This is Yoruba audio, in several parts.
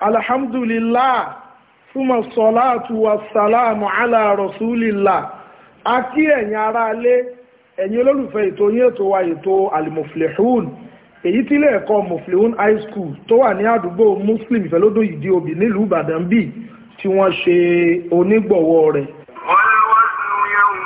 alhamdulillah súnmọ̀ sọ́láàtù wasalamu ala rasulillah a kí ẹ̀yin ará alé ẹ̀yin olólùfẹ́ ètò yín ètò wa ètò alimoflehun èyí tí ilé ẹ̀kọ́ moflehun high school tó wà ní àdúgbò muslim ìfẹ́lódò ìdí òbí nílùú ìbàdàn bíi tí wọ́n ṣe onígbọ̀wọ́ rẹ̀. wọ́n lọ́wọ́ sí yẹ́hùn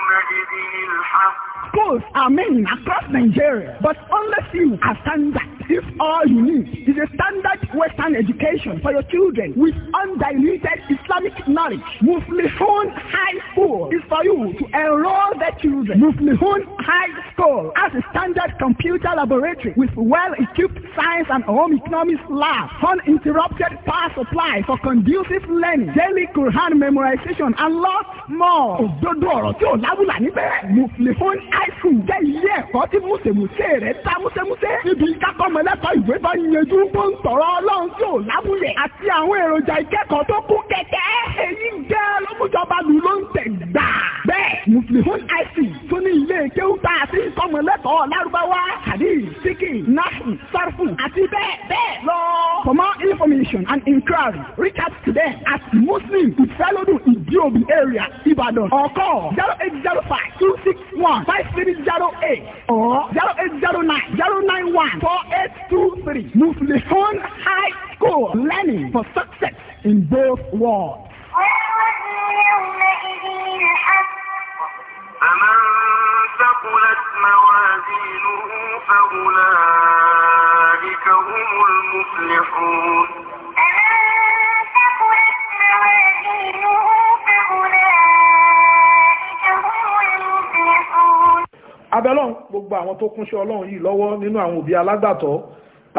those are men across Nigeria, but only few are standard. If all you need is a standard Western education for your children with undiluted Islamic knowledge, Muflihun High School is for you to enroll their children. Muflihun High School has a standard computer laboratory with well-equipped science and home economics lab, uninterrupted power supply for conducive learning, daily Quran memorization, and lots more. Muflihun High School ǹjẹ́ ilé ẹ̀kọ́ tí mùsèmùsè rẹ̀ ta mùsèmùsè níbi ìkákọ́mọlẹ́kọ̀ọ́ ìwé bá yanjú tó ń tọ̀rọ̀ ọlọ́run tí ò lábúlẹ̀ àti àwọn èròjà ìkẹ́kọ̀ọ́ tó kún kẹ̀kẹ́ èyí jẹ́ lọ́mújọba lù ló ń tẹ̀ gbàá mùsùlùmí àìsí tó ní ilé kéwúta àti ìkọ́mọ̀lẹ́kọ̀ọ́ lárúbáwá àdí Siki, náhù sárfù àti bẹ́ẹ̀ bẹ́ẹ̀ lọ. For more information and inquiry reach out to them at Muslim Ifelodun Idiobi area Ibadan or call zero eight zero five two six one five three zero eight or zero eight zero nine zero nine one four eight two three. Muflihun High School learning for success in both worlds. فمن ثقلت موازينه فأولئك هم المفلحون abẹ́lọ́n gbogbo àwọn tó kúnṣẹ́ ọlọ́run yìí lọ́wọ́ nínú àwọn òbí alágbàtọ́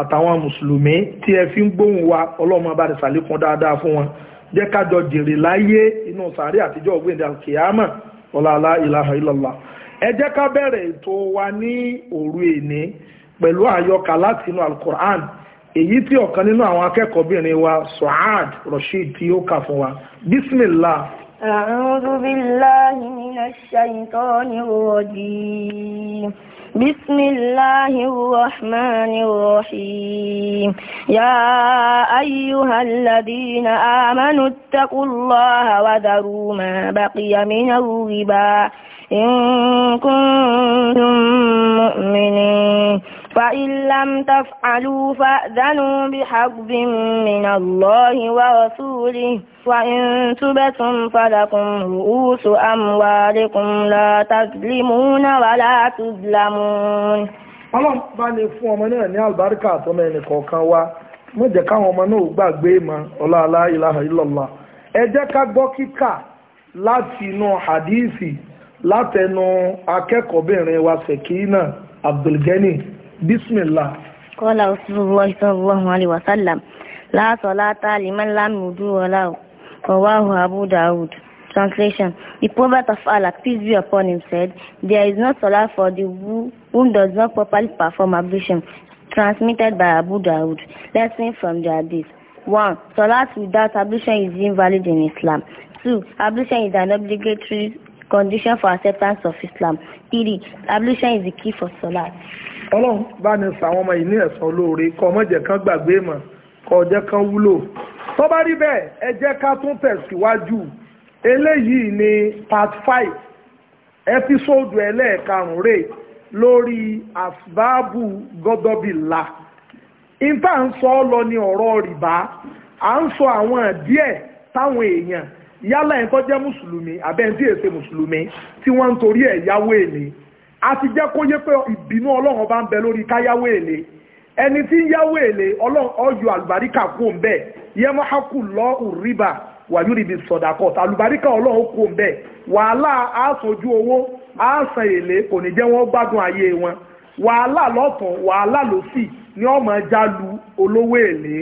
àtàwọn mùsùlùmí tí ẹ fi ń gbóhùn wa ọlọ́run ọba rẹ̀ sàlékún dáadáa fún wọn jẹ́ ká jọ jèrè láyé inú sàárẹ̀ àtijọ́ ògbéǹde àkìyámà ọlọ́lá ìlàhà ìlọ́lá ẹ jẹ́ ká bẹ̀rẹ̀ ètò wa ní òru èní pẹ̀lú àyọkà láti inú alukur'an èyí tí ọ̀kan nínú àwọn akẹ́kọ̀ọ́bìnrin wa Suad Rasheed tí ó kà fún wa bismillah أعوذ بالله من الشيطان الرجيم بسم الله الرحمن الرحيم يا أيها الذين آمنوا اتقوا الله وذروا ما بقي من الربا إن كنتم مؤمنين فَإِلَّا لم تفعلوا فأذنوا بحرب من الله ورسوله وإن تبتم فلكم رؤوس أموالكم لا تظلمون ولا تظلمون Ọlọ́run bá lè fún ọmọ náà ní àlùbáríkà àtọ́mọ ẹnì kọ̀ọ̀kan wa mọ́ jẹ́ káwọn ọmọ náà gbàgbé ìmọ̀ ọláàlá ìlàhà ìlọ́lá ẹ jẹ́ ká gbọ́ kíkà láti inú hadithi látẹnu akẹ́kọ̀ọ́bìnrin wa Sekina Abdulgani bismillah. kọ́lá òṣùwọ̀ ìṣọ̀wọ̀n alẹ́ wàsálàm láàtọ̀ látà lèmọ́lámùdú ọlá ọwáhù Abu Dawud Translation The Prophet of Allah, peace be upon him, said, There is no salah for the who, whom does not properly perform ablution. Transmitted by Abu Dawud. Lesson from the Hadith. 1. Salat without ablution is invalid in Islam. Two, Ablution is an obligatory condition for acceptance of Islam. Three, Ablution is the key for salat ọlọ́run bá ní sàwọn ọmọ yìí ní ẹ̀san olóore kọ́ ọmọ jẹ́ kán gbàgbé mọ̀ kọ́ ọjẹ́ kán wúlò tó bá rí bẹ́ẹ̀ ẹ jẹ́ ká tún tẹ̀síwájú eléyìí ni part five ẹ́písòdù ẹlẹ́ẹ̀karùn-ún rè lórí asbáàbù gọ́dọ̀bìlà ìta ń sọ ọ́ lọ ní ọ̀rọ̀ rìbá à ń sọ àwọn díẹ̀ táwọn èèyàn yálà ẹ̀ tó jẹ́ mùsùlùmí àbẹ́ntí èsè mùsùlùmí tí wọ́n ń torí ẹ̀ yáwó èlé a ti jẹ́ kó yé pé ìbínú ọlọ́run bá ń bẹ lórí káyáwó èlé ẹni tí ń yáwó èlé ọyọ àlùbáríkà kú ń bẹ yẹmọ hakù lọ òrìbà wàyú ríbi sọdàkọ àlùbáríkà ọlọ́run kú ń bẹ wàhálà àṣojú owó àṣàn èlé kò ní jẹ́ wọ́n gbádùn ayé wọn wàhálà lọ́tọ̀ wàhálà lọ́sì ni ọmọ ẹja lu olówó èlé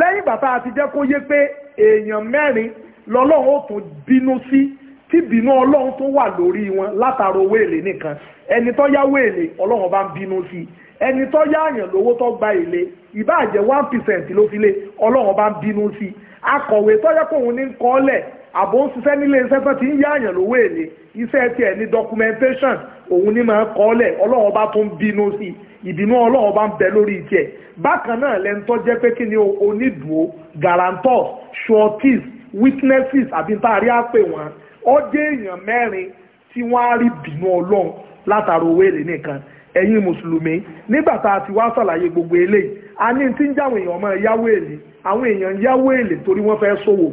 lẹ́yìn bàtà àti jẹ́ kó yé pé èèyàn mẹ́rin lọ́lọ́run ó tún bínú sí. Si tí bínú ọlọ́run tó wà lórí wọn látàrí owó èlé nìkan ẹni tó yáwó èlé ọlọ́run bá ń bínú sí i ẹni tó yáàyàn lówó tó gba èlé ìbáàjẹ́ one percent ló fi lé ọlọ́run bá ń bínú sí i akọ̀wé tó yẹ kó òun ní kọ́lẹ̀ àbò ń ṣiṣẹ́ nílé iṣẹ́ tó ti ń yáàyàn lówó èlé iṣẹ́ tiẹ̀ ní documentation òun ní máa kọ́lẹ̀ ọlọ́run bá tún bínú sí i ìbínú ọlọ́run bá ń bẹ lórí tiẹ̀ bákan náà lẹ́ni tó jẹ́ pé kí ni onídùú guarantors sureties witnesses àbí tá a rí àpè wọn ó jẹ́ èèyàn mẹ́rin tí wọ́n á rí bínú ọlọ́run látara owó èlé nìkan ẹ̀yin mùsùlùmí nígbà tá a ti wá sàlàyé gbogbo eléyìí a ní tí ń jáwọn èèyàn ọmọ yáwó èlé àwọn èèyàn yáwó èlé torí wọ́n fẹ́ ṣòwò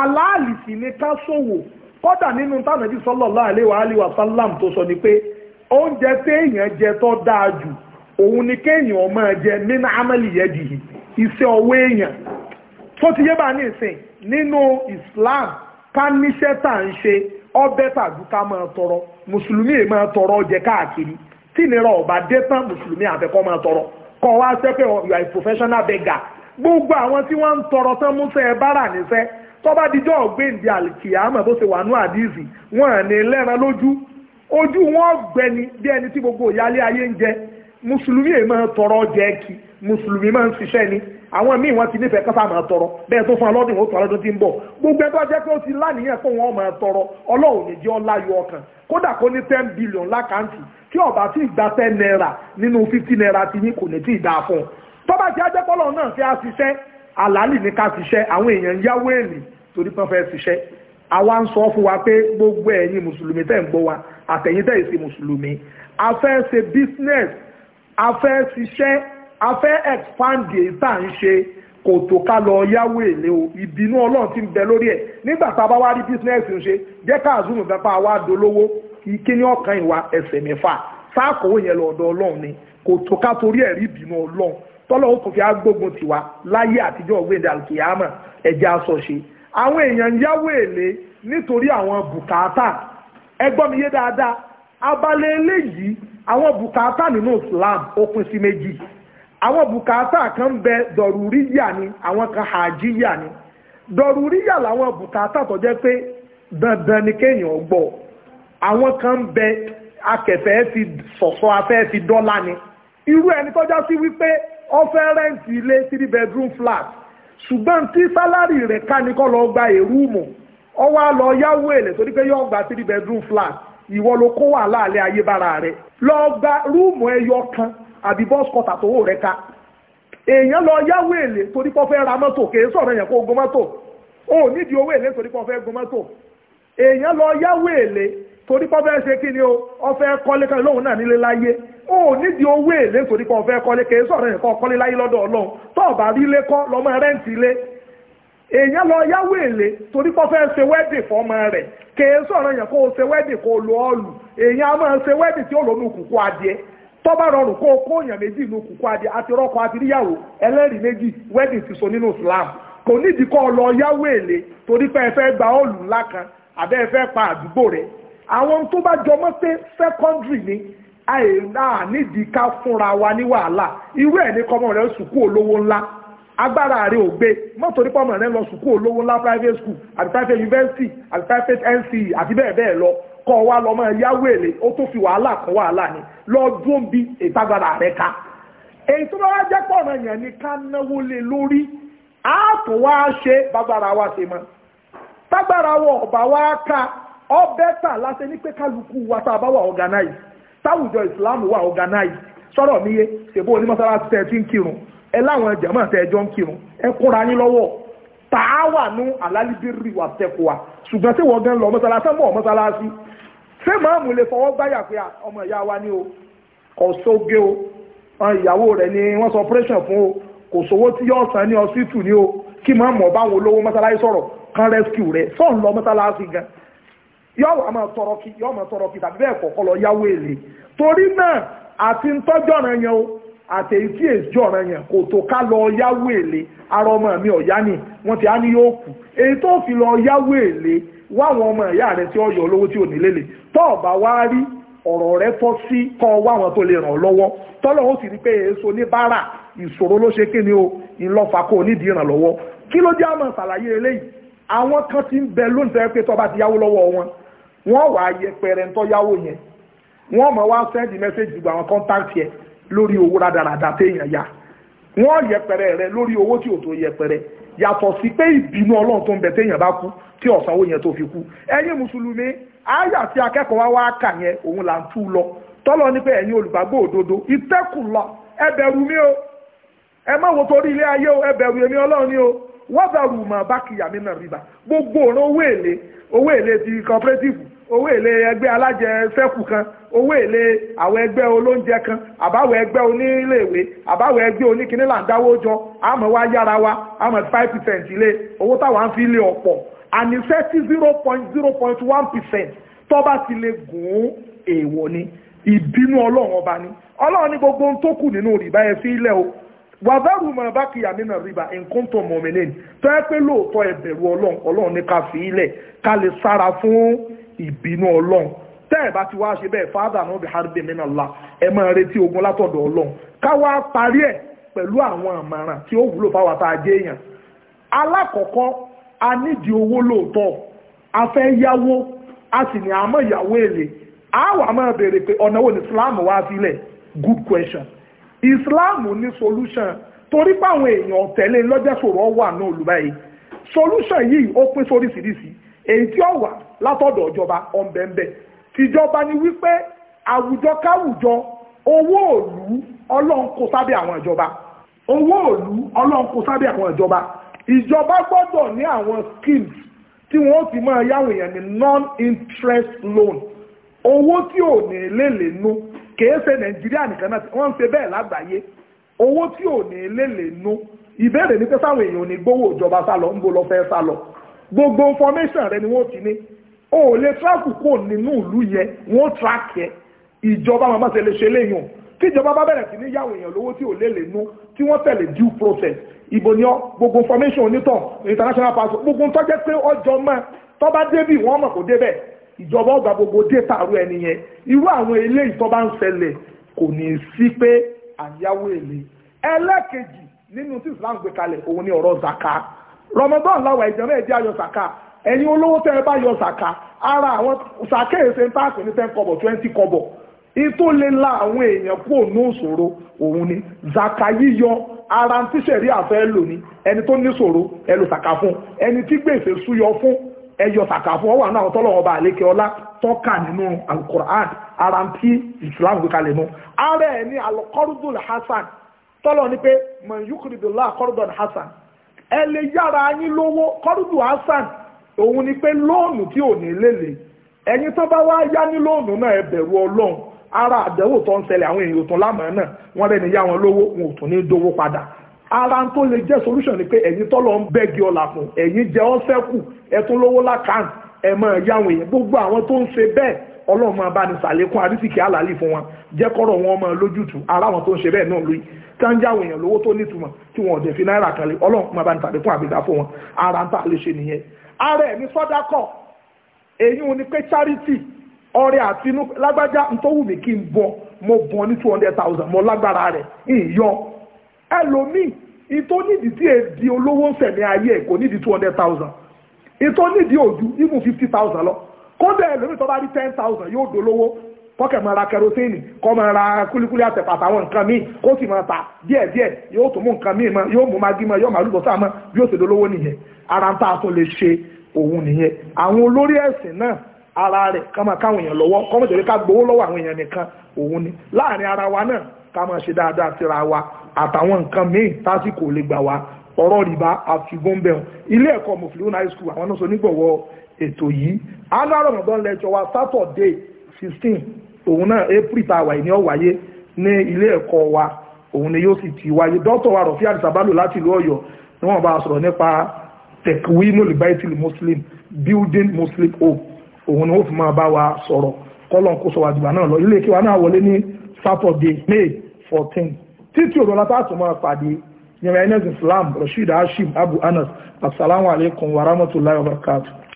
aláàlì sì ni ká kódà nínú wa ni pé oúnjẹ téèyàn jẹ tó dáa jù ni kéèyàn jẹ nínú èèyàn ti yé bá ní Islam ká níṣẹ́ tà ń ṣe ọbẹ̀ tàbí ká máa tọrọ mùsùlùmí yìí máa tọrọ jẹ káàkiri tí ìnira ọba dé tán mùsùlùmí àfẹ́kọ́ máa tọrọ kọ́ wá sẹ́pẹ̀ you are a professional beggar gbogbo àwọn tí wọ́n ń tọrọ tán múṣẹ́ bára níṣẹ́ tọ́ba díjọ́ ọ̀gbẹ́ǹdì àlìkìyàmọ̀ bó ṣe wà ní àdìsí wọn ní lẹ́ran lójú ojú wọn gbẹni bí ẹni tí gbogbo ìyálé ayé ń jẹ mùsùlùmí èyí máa tọrọ jẹ kí mùsùlùmí máa ṣiṣẹ́ ni àwọn míì wọn ti nífẹ̀ẹ́ kọ́sà máa tọrọ bẹ́ẹ̀ tó fún ọlọ́dún ìwòsàn ọlọ́dún tí ń bọ̀ gbogbo ẹgbẹ́ jẹ́ pé ó ti láníyàn fún wọn máa tọrọ ọlọ́run ní jẹ́ ọláyọ ọkàn kódà kó ní ten billion lákàntì tí ó ti gba ten naira nínú fifty naira ti yín kò ní tí ì dáa fún un tó bá ti ajẹ́ pọ́lọ́ náà fẹ́ ṣiṣẹ́ àlálì ní ká ṣiṣẹ́ àwọn èèyàn ń yáwó èlé torí pé wọ́n fẹ́ ṣiṣẹ́ àwa ṣe business a fẹ́ ṣiṣẹ́ a fẹ́ expand èyíta ń ṣe kò tó ká lọ yáwó èlé o ìbínú ọlọ́run ti ń bẹ lórí ẹ̀ nígbà tá a bá wá rí bísínẹ́sì ń ṣe jẹ́ ká àzúmù fẹ́fà wá dolówó ìkíní ọ̀kan ìwà ẹsẹ̀ mẹ́fà sáàkówó yẹn lọ́dọ̀ ọlọ́run ni kò tó ká torí ẹ̀rí ìbínú ọlọ́run tọ́lọ́ òkú fi agbógun tiwa láyé àtijọ́ ọ̀gbẹ́dẹ alùkìyàmà ẹ̀jẹ̀ aṣọ ṣe àwọn èèyàn yáwó èlé nítorí àwọn bùkátà ẹgbọ́n mi yé dáadáa abalẹ̀ eléyìí àwọn bùkátà nínú Islam ó pín sí méjì àwọn bùkátà kan bẹ dọ̀rùríyà ni àwọn kan hàjíyà ni dọ̀rùríyà làwọn bùkátà tó jẹ́ pé dandan ni kéèyàn gbọ́ àwọn kan bẹ akẹ̀fẹ́ fi sọ̀sọ́ afẹ́ fi dọ́là ni irú ẹni tọ́já sí wípé ó fẹ́ ilé three bedroom flat ṣùgbọ́n tí sálárì rẹ̀ ká ní kó lọ gba èrúùmù ó wá lọ yáwó èlé torí pé yóò gba three bedroom flat ìwọ ló kó wà láàlẹ́ ayé bára rẹ̀ lọ gba rúùmù ẹyọ kan àbí bọ́ọ̀sì kọta tó wò rẹ̀ ká èèyàn lọ yáwó èlé torí pọ́ fẹ́ ra mọ́tò kèé sọ̀rọ̀ yẹn kó gun mọ́tò ó nídìí owó èlé torí pọ́ fẹ́ gun mọ́tò èèyàn lọ yáwó èlé torí pọ́ fẹ́ ṣe kí ni o ọfẹ́ kọ́lé kan lóhun náà nílé láyé ó nídìí owó èlé torí pọ́ fẹ́ kọ́lé kèé sọ̀rọ̀ yẹn kọ́ kọ́lé láyé lọ́dọ̀ ọlọ́run tó rí ilé kọ́ lọ́mọ rẹ́ǹtì ilé èèyàn lọ yáwó èlé torí pọ́ fẹ́ ṣe wẹ́dì fọ́mọ rẹ̀ kèé sọ̀rọ̀ yẹn kó o ṣe wẹ́dì kó o èèyàn a máa ṣe wẹ́dì tí ó rọrùn kó o kó méjì àti rọ́kọ̀ àti ríyàwó ẹlẹ́rìí méjì wẹ́dì ti nínú Islam kò nídìí lọ yáwó èlé ẹ fẹ́ gba ńlá kan àbẹ́ ẹ fẹ́ pa àdúgbò àwọn tó agbára rẹ ò gbé mọ́tòrí pọ́mọ̀ rẹ lọ sùkúù olówó ńlá private school àti private university àti private nce àti bẹ́ẹ̀ bẹ́ẹ̀ lọ kọ́ wa lọ máa yáwó èlé ó tó fi wàhálà kan wàhálà ni lọ dún bí ìtagbára rẹ ká èyí tó bá wá jẹ́ pọ̀ náà yàn ni ká náwó lé lórí á tó wá ṣe bágbára wa ṣe mọ́ tágbára wa ọ̀bà wa ká ọ bẹ́tà láti ní pé kálukú wa tá a bá wà organize táwùjọ ìsìlámù wà organize sọ̀rọ̀ mi yé ṣèbó onímọ̀sára ti tẹ̀ tí ń kírun ẹ láwọn jàmáà tẹ́ ẹjọ́ ń kírun ẹ kóra yín lọ́wọ́ tààwà nú àlálíbírì wà tẹ́kù wa ṣùgbọ́n tí wọ́n gan lọ mọ́sálásí mọ́ mọ́sálásí ṣé màámù lè fọwọ́ gbáyà pé ọmọ ìyá wa ní o kò sóge o ìyàwó rẹ̀ ni wọ́n sọ operation fún o kò sówó tí yóò san ní hospital ni o kí màámù ọba àwọn olówó mọ́sálásí sọ̀rọ̀ kan rescue rẹ̀ sọ̀n lọ mọ́sálásí gan yóò àmọ́ tọrọ kí yóò àmọ́ tọrọ kí tàbí bẹ́ẹ̀ kọ̀ọ̀kọ́ lọ yáwó èlé torí náà àti ń tọ́jọ́ yẹn o àtẹ̀yí tí èjì ọ̀ràn yẹn kò tó ká lọ yáwó èlé ara ọmọ mi ọ̀yá ni wọ́n ti á ní yóò kù èyí tó fi lọ yáwó èlé wá àwọn ọmọ ìyá rẹ tí ó yọ olówó tí ò ní lélẹ̀ tó o bá wá rí ọ̀rọ̀ rẹ tọ́ sí kọ́ wá àwọn tó lè ràn lọ́wọ́ tọ́lọ́ ó sì rí pé èso ní bára ìṣòro ló ṣe kí ni o ìlọ́fà kó o nídìí ìrànlọ́wọ́ kí ló jẹ́ àmọ̀ ṣàlàyé eléyìí àwọn kan ti ń bẹ lónìí tó yẹ pé tó bá lórí owó rádaràda téèyàn yá wọ́n yẹpẹrẹ rẹ lórí owó tí ò tó yẹpẹrẹ yàtọ̀ sí pé ìbínú ọlọ́run tó ń bẹ téèyàn bá kú tí ọ̀sán owó yẹn tó fi kú ẹ̀yin mùsùlùmí àyà tí akẹ́kọ̀ọ́ wa wá kà yẹn òun là ń tú lọ tọ́lọ́ ní pé ẹ̀yin olùgbàgbọ́ òdodo ìtẹ́kùlọ ẹ bẹ̀rù mi o ẹ má wo torí ilé ayé o ẹ èmi ọlọ́run ni o wọ́dàrú mọ̀ bákìyà nínú rìbá gbogbo ọ̀nà owó èlé owó èlé ti cooperative owó èlé ẹgbẹ́ alájẹsẹ́kù kan owó èlé àwọn ẹgbẹ́ olóúnjẹ kan àbáwọ̀ ẹgbẹ́ oníléèwé àbáwọ̀ ẹgbẹ́ oníkíní là ń dáwó jọ àmọ́ wá yára wa àmọ́ five percent ilé owó táwa ń fi lé ọ̀pọ̀ àníṣẹ́ tí zero point zero point one percent tọ́ba ti lè gùn ún èèwọ̀ ni ìbínú ọlọ́run ọba ni ọlọ́run ní gbogbo ohun tó kù nínú rìbá ẹ fi ilẹ̀ o wàbẹ́rù mọ̀ bá kìyà nínú rìbá nǹkan tó mọ̀ mí lẹ́nu tó yẹ pé lóòótọ́ ẹ̀bẹ̀rù ọlọ́run ọlọ́run ní ká fi ilẹ̀ ká lè sára fún ìbínú ọlọ́run tẹ́ ẹ̀ bá ti wá ṣe bẹ́ẹ̀ fáadà náà bí harbin nínú ọ̀la ẹ máa retí ogun látọ̀dọ̀ ọlọ́run káwá parí ẹ̀ pẹ̀lú àwọn àmàràn tí ó wúlò fáwọn tá a jẹ́ èèyàn alákọ̀ọ́kọ́ a nídìí owó lóòótọ́ a fẹ́ yáwó a sì ní àmọ́ a wà máa béèrè pé ọ̀nà wo ni Islam wá sílẹ̀ good question Islam ní solution torí páwọn èèyàn tẹ̀lé lọ́jẹ́sọ̀rọ̀ wà náà lù báyìí solution yìí ó pín sóríṣiríṣi èyí tí ó wà látọ̀dọ̀ ìjọba ọ̀nbẹ̀ǹbẹ̀ ìjọba ni wípé àwùjọ káwùjọ owó òlú ọlọ́run kó sábẹ́ àwọn ìjọba owó òlú ọlọ́run kó sábẹ́ àwọn ìjọba ìjọba gbọ́dọ̀ ní àwọn schemes tí wọ́n ti máa yáwò èèyàn ní non-interest loan owó tí ò ní lè lè nú kèé ṣe nàìjíríà nìkan náà wọ́n ń ṣe bẹ́ẹ̀ lágbàáyé owó tí ò ní lélè nú ìbéèrè ní pé sáwọn èèyàn ò ní gbowó ìjọba sálọ ń bo lọ fẹ́ sálọ gbogbo information rẹ ni wọ́n ti ní o ò lè tíráàkù kò nínú ìlú yẹ wọ́n tíráàkì ẹ ìjọba máa bá ṣe lè ṣe léèyàn tíjọba bá bẹ̀rẹ̀ sí ní yáwó èèyàn lówó tí ò lélè nú tí wọ́n tẹ̀lé due process ìbò ni ọ gbogbo information onítàn international passport gbogbo tọ́jẹ́ pé ọjọ́ mọ́ tọ́ bá débì wọ́n mọ̀ kó débẹ̀ ìjọba ọgbà gbogbo data rú ẹni yẹn irú àwọn eléyìí tó bá ń ṣẹlẹ̀ kò ní í sí pé àyáwó èlé ẹlẹ́kejì nínú tí Islam gbé kalẹ̀ òun ni ọ̀rọ̀ zaka Ramadan láwa ìjọba ẹ̀jẹ̀ ayọ̀ zaka ẹ̀yin olówó tẹ́ ẹ bá yọ zaka ara àwọn zaka èsè ń pààkì ní ten kọ́bọ̀ twenty kọ́bọ̀ ìtò lè la àwọn èèyàn kú òun òṣòro òun ni zaka yíyọ ara tíṣẹ̀rí àfẹ́ lò ní ẹni tó níṣòro ẹ lò zaka fún ẹni tí gbèsè súyọ fún ẹyọ sàkàfọ́ wà náà tọ́lọ̀ ọba àlékè ọlá tọ́ka nínú alukur'an ara tí islam gbé kalẹ̀ nù ara ẹ̀ ní alukọ́rùdùn hasan tọ́lọ̀ ní pé man yukridullah kọ́rùdùn hasan ẹ lè yára yín lówó kọ́rùdùn hasan òun ni pé lóònù tí ò ní lélẹ̀ ẹ̀yin tó bá wá yá ní lóònù náà ẹ bẹ̀rù ọlọ́run ara àdẹ́wò tó ń ṣẹlẹ̀ àwọn èèyàn tó lámàá náà wọ́n rẹ̀ yá wọn lówó wọn ò tún ní dówó padà ara tó lè jẹ́ solution ni pé ẹ̀yin tọ́lọ ń bẹ́gi ọ̀la fún ẹ̀yin jẹ́ ọ́ sẹ́kù ẹ̀tún lówó lákàn ẹ̀ mọ̀ ẹ̀yà àwọn èèyàn gbogbo àwọn tó ń ṣe bẹ́ẹ̀ ọlọ́run máa bá ní sàlékún àrísìkí àlàálì fún wọn jẹ́ kọ́rọ̀ wọn máa lójútùú ara àwọn tó ń ṣe bẹ́ẹ̀ náà lóyún tá ń já àwọn èèyàn lówó tó nítumọ̀ tí wọn ò dẹ̀ fi náírà kan lé ọlọ́run máa bá charity ọrẹ àtinú lágbájá ntọ́wùmí kí n bọ mo bọ two hundred thousand mo lágbára rẹ̀ ìyọ ẹlòmíì ìtò nídìí tí èdè olówó sẹ̀mí ayé kò nídìí two hundred thousand ìtò nídìí òjú even fifty thousand lọ kódà ẹlòmíì tó bá rí ten thousand yóò dolówó kọ́kẹ́ máa ra kẹrosíìnì kọ́ máa ra kúlíkúlí àtẹ̀pàtà àwọn nǹkan míì kó sì máa ta díẹ̀ díẹ̀ yóò tún mú nǹkan míì mọ́ yóò mú magi mọ́ yóò máa lùbọ̀ sáà mọ́ bí ó ṣe dolówó nìyẹn ara ń tà tún lè ṣe òun nìyẹn àwọn olórí ẹ̀sìn náà ara rẹ̀ ká máa káwọn èèyàn lọ́wọ́ kọ́mọ̀tẹ̀rẹ́ ká gbowó lọ́wọ́ àwọn èèyàn nìkan òun ni láàrin ara wa náà ká máa ṣe dáadáa síra wa àtàwọn nǹkan míì tásìkò lè gbà wá ọ̀rọ̀ rìbá àfigúnbẹ̀hùn ilé ẹ̀kọ́ mọ̀fìlún high school àwọn náà sọ nígbọ̀wọ́ ètò yìí annual ramadan lecture wa saturday sixteen òun náà april tá a wà ní ọ̀wáyé ní ilé ẹ̀kọ́ wa òun ni yóò sì ti wáyé dókítà wa rọ̀fíà àdìsábálò láti ìlú ọ̀yọ́ ni wọ́n bá sọ̀rọ̀ nípa tekwino libaitil muslim building muslim hope òun ni wọ́n wa sọ̀rọ̀ kọ́lọ̀ kó sọ wàdìgbà náà lọ ilé ìkíwa náà wọlé ní may fourteen títí òdòlá tá a tún ni pàdé yẹn Islam Rashid Hashim Abu Anas assalamu alaikum wa rahmatulahi wa barakatuh.